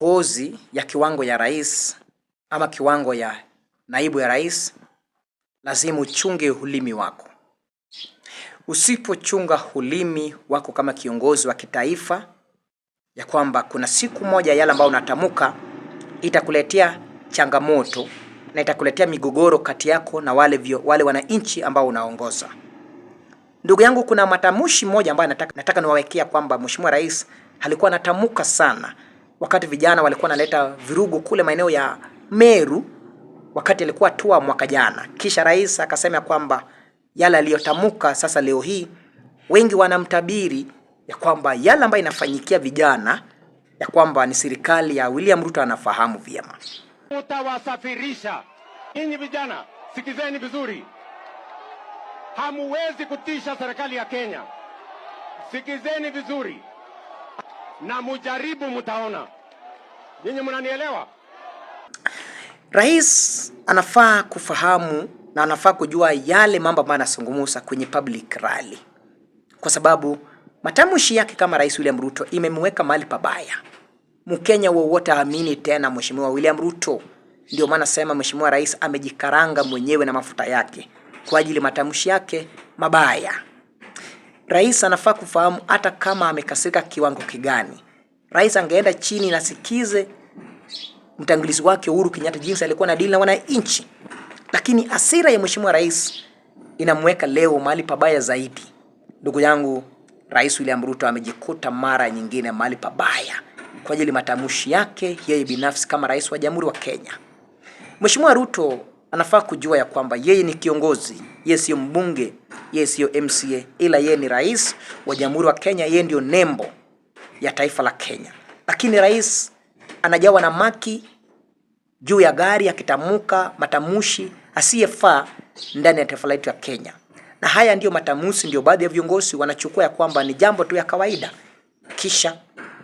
ozi ya kiwango ya rais ama kiwango ya naibu ya rais, lazima uchunge ulimi wako. Usipochunga ulimi wako kama kiongozi wa kitaifa, ya kwamba kuna siku moja yale ambayo unatamuka itakuletea changamoto na itakuletea migogoro kati yako na wale, vio, wale wananchi ambao unaongoza. Ndugu yangu, kuna matamushi moja ambayo nataka, nataka niwawekea kwamba Mheshimiwa Rais alikuwa anatamuka sana wakati vijana walikuwa wanaleta virugu kule maeneo ya Meru wakati alikuwa tua mwaka jana, kisha rais akasema kwamba yale aliyotamka sasa leo hii wengi wanamtabiri ya kwamba yale ambayo inafanyikia vijana ya kwamba ni serikali ya William Ruto anafahamu vyema. Utawasafirisha ninyi vijana, sikizeni vizuri, hamuwezi kutisha serikali ya Kenya, sikizeni vizuri na mujaribu, mtaona. Nyinyi mnanielewa? Rais anafaa kufahamu na anafaa kujua yale mambo ambayo anasungumusa kwenye public rally, kwa sababu matamshi yake kama Rais William Ruto imemweka mahali pabaya. Mkenya wowote aamini tena Mheshimiwa William Ruto. Ndio maana sema Mheshimiwa Rais amejikaranga mwenyewe na mafuta yake kwa ajili matamshi yake mabaya rais anafaa kufahamu hata kama amekasirika kiwango kigani. Rais angeenda chini na sikize mtangulizi wake Uhuru Kenyatta jinsi alikuwa na dili na wananchi, lakini asira ya mheshimiwa rais inamweka leo mahali pabaya zaidi. Ndugu yangu, Rais William Ruto amejikuta mara nyingine mahali pabaya kwa ajili matamshi yake yeye binafsi kama rais wa Jamhuri wa Kenya. Mheshimiwa Ruto anafaa kujua ya kwamba yeye ni kiongozi, yeye siyo mbunge, yeye siyo MCA, ila yeye ni rais wa Jamhuri wa Kenya. Yeye ndiyo nembo ya taifa la Kenya, lakini rais anajawa na maki juu ya gari akitamuka matamushi asiyefaa ndani ya taifa letu ya Kenya. Na haya ndiyo matamusi, ndiyo baadhi ya viongozi wanachukua ya kwamba ni jambo tu ya kawaida, kisha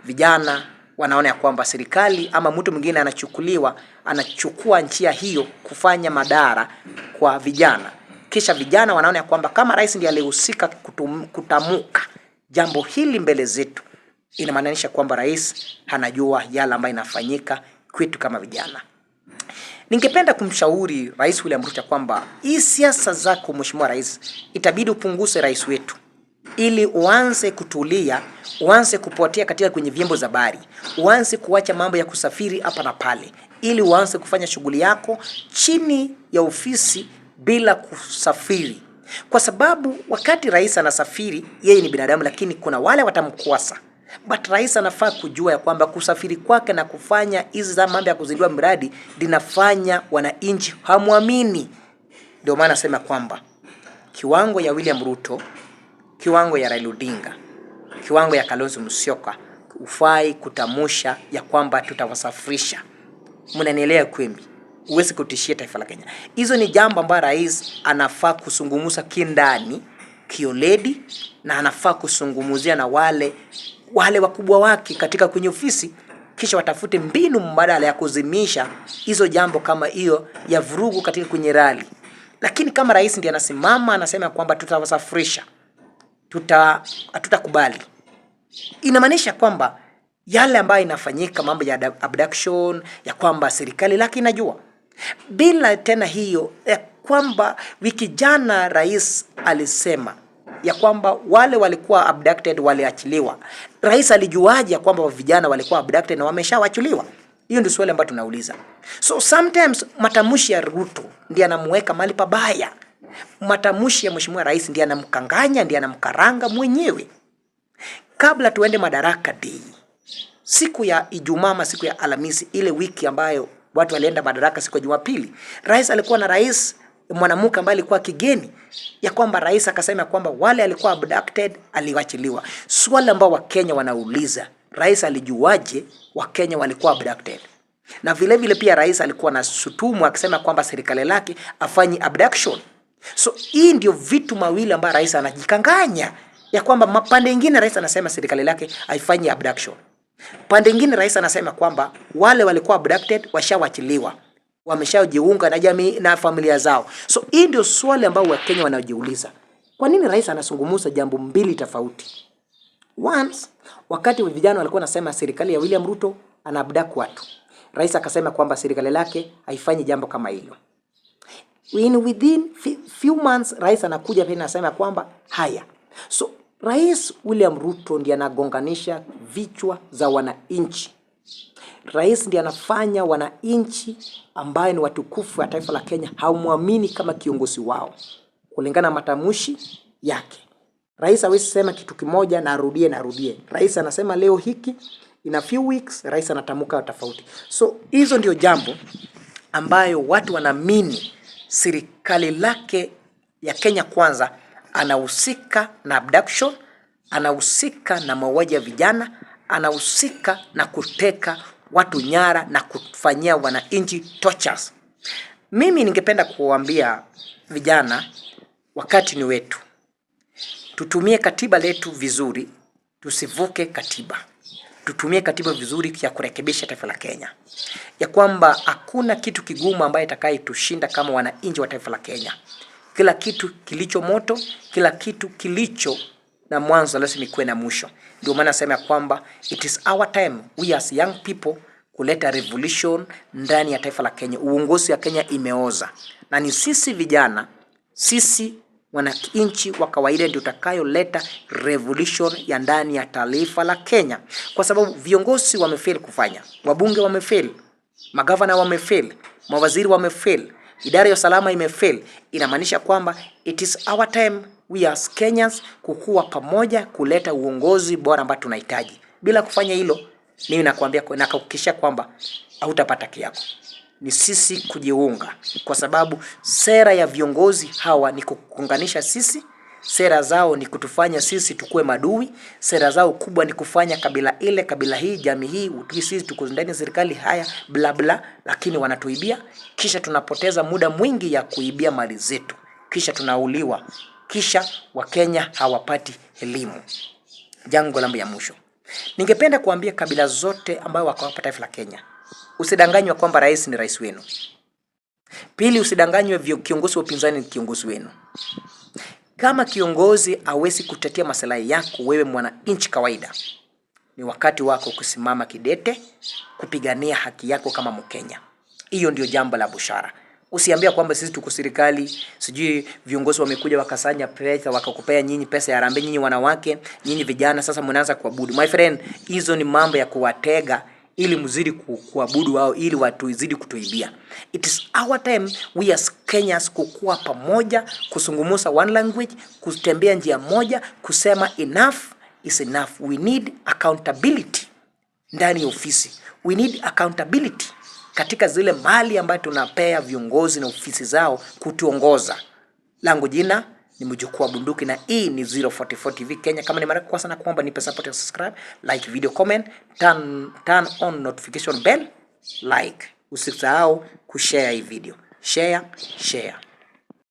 vijana wanaona ya kwamba serikali ama mtu mwingine anachukuliwa anachukua njia hiyo kufanya madara kwa vijana, kisha vijana wanaona ya kwamba kama rais ndiye alihusika kutamuka jambo hili mbele zetu, inamaanisha kwamba rais anajua yale ambayo inafanyika kwetu kama vijana. Ningependa kumshauri Rais William Ruto kwamba hii siasa zako, Mheshimiwa Rais, itabidi upunguze rais wetu ili uanze kutulia, uanze kupotea katika kwenye vyombo za bari uanze kuacha mambo ya kusafiri hapa na pale, ili uanze kufanya shughuli yako chini ya ofisi bila kusafiri, kwa sababu wakati rais anasafiri, yeye ni binadamu, lakini kuna wale watamkwasa But rais anafaa kujua ya kwamba kusafiri kwake na kufanya hizi za mambo ya kuzindua mradi linafanya wananchi hamwamini. Ndio maana nasema kwamba kiwango ya William Ruto kiwango ya Raila Odinga, kiwango ya Kalonzo Musyoka ufai kutamusha ya kwamba tutawasafirisha. Mnanielewa kwembi? uwezi kutishia taifa la Kenya. Hizo ni jambo ambayo rais anafaa kusungumusa kindani kioledi, na anafaa kusungumuzia na wale wale wakubwa wake katika kwenye ofisi, kisha watafute mbinu mbadala ya kuzimisha hizo jambo kama hiyo ya vurugu katika kwenye rali. Lakini kama rais ndiye anasimama anasema kwamba tutawasafirisha tuta hatutakubali. Inamaanisha kwamba yale ambayo inafanyika mambo ya abduction ya kwamba serikali lake inajua bila tena hiyo ya kwamba wiki jana rais alisema ya kwamba wale walikuwa abducted waliachiliwa. Rais alijuaje kwamba vijana walikuwa abducted na wameshawachiliwa? Hiyo ndio swali ambayo tunauliza. So sometimes matamshi ya Ruto ndiye anamweka mali pabaya. Matamshi ya mheshimiwa rais ndiye anamkanganya, ndiye anamkaranga mwenyewe. Kabla tuende Madaraka Day, siku ya Ijumaa, siku ya Alhamisi, ile wiki ambayo watu walienda madaraka siku ya Jumapili, rais alikuwa na rais mwanamke ambaye alikuwa kigeni, ya kwamba rais akasema kwamba wale alikuwa abducted aliwachiliwa. Swali ambao Wakenya wanauliza, rais alijuaje Wakenya walikuwa abducted? Na vile vile pia rais alikuwa na sutumu akisema kwamba serikali lake afanyi abduction. So hii ndio vitu mawili ambayo rais anajikanganya ya kwamba pande nyingine rais anasema serikali lake haifanyi abduction. Pande nyingine rais anasema kwamba wale walikuwa abducted washawachiliwa, wameshajiunga na jamii na familia zao. So hii ndio swali ambao Wakenya wanajiuliza. Kwa nini rais anazungumza jambo mbili tofauti? Once wakati vijana walikuwa nasema serikali ya William Ruto anaabduct watu, rais akasema kwamba serikali lake haifanyi jambo kama hilo in within few months rais anakuja tena anasema kwamba haya. So Rais William Ruto ndiye anagonganisha vichwa za wananchi. Rais ndiye anafanya wananchi ambaye ni watukufu wa taifa la Kenya haumwamini kama kiongozi wao, kulingana na matamshi yake. Rais hawezi sema kitu kimoja na arudie na arudie. Rais anasema leo hiki, in a few weeks rais anatamka tofauti. So hizo ndio jambo ambayo watu wanaamini serikali lake ya Kenya Kwanza anahusika na abduction, anahusika na mauaji ya vijana, anahusika na kuteka watu nyara na kufanyia wananchi tortures. Mimi ningependa kuwaambia vijana, wakati ni wetu, tutumie katiba letu vizuri, tusivuke katiba tutumie katiba vizuri ya kurekebisha taifa la Kenya, ya kwamba hakuna kitu kigumu ambaye tushinda kama wananchi wa taifa la Kenya. Kila kitu kilicho moto, kila kitu kilicho na mwanzo lazima ikuwe na mwisho. Ndio maana nasema kwamba it is our time we as young people kuleta revolution ndani ya taifa la Kenya. Uongozi wa Kenya imeoza, na ni sisi vijana, sisi wananchi wa kawaida ndio utakayoleta revolution ya ndani ya taifa la Kenya, kwa sababu viongozi wamefeli kufanya, wabunge wamefeli, magavana wamefeli, mawaziri wamefeli, idara ya usalama imefeli. Inamaanisha kwamba it is our time we as Kenyans kukuwa pamoja kuleta uongozi bora ambao tunahitaji. Bila kufanya hilo, mimi nakwambia kuhakikisha kwamba hautapata kiapo ni sisi kujiunga, kwa sababu sera ya viongozi hawa ni kuunganisha sisi. Sera zao ni kutufanya sisi tukue madui. Sera zao kubwa ni kufanya kabila ile, kabila hii, jamii hii, sisi tuko ndani ya serikali, haya bla bla, lakini wanatuibia, kisha tunapoteza muda mwingi ya kuibia mali zetu, kisha tunauliwa, kisha Wakenya hawapati elimu. Jambo la mwisho, ningependa kuambia kabila zote ambayo wako hapa taifa la Kenya Usidanganywe kwamba rais ni rais wenu. Pili, usidanganywe kiongozi wa upinzani ni kiongozi wenu. Kama kiongozi awezi kutetea maslahi yako wewe mwananchi kawaida, ni wakati wako kusimama kidete kupigania haki yako kama Mkenya. Hiyo ndio jambo la bushara. Usiambia kwamba sisi tuko serikali, sijui viongozi wamekuja wakasanya pesa wakakupea nyinyi pesa ya harambee, nyinyi wanawake, nyinyi vijana, sasa mnaanza kuabudu. My friend, hizo ni mambo ya kuwatega ili mzidi kuabudu wao, ili watuzidi kutuibia. It is our time we as Kenyans kukua pamoja, kusungumusa one language, kutembea njia moja, kusema enough is enough. We need accountability ndani ya ofisi, we need accountability katika zile mali ambayo tunapea viongozi na ofisi zao kutuongoza langu jina nimejukua bunduki na hii ni 044 TV Kenya. Kama ni mara kwa sana kuomba nipe support ya subscribe, like video, comment, turn, turn on notification bell, like. Usisahau kushare hii video. Share, share.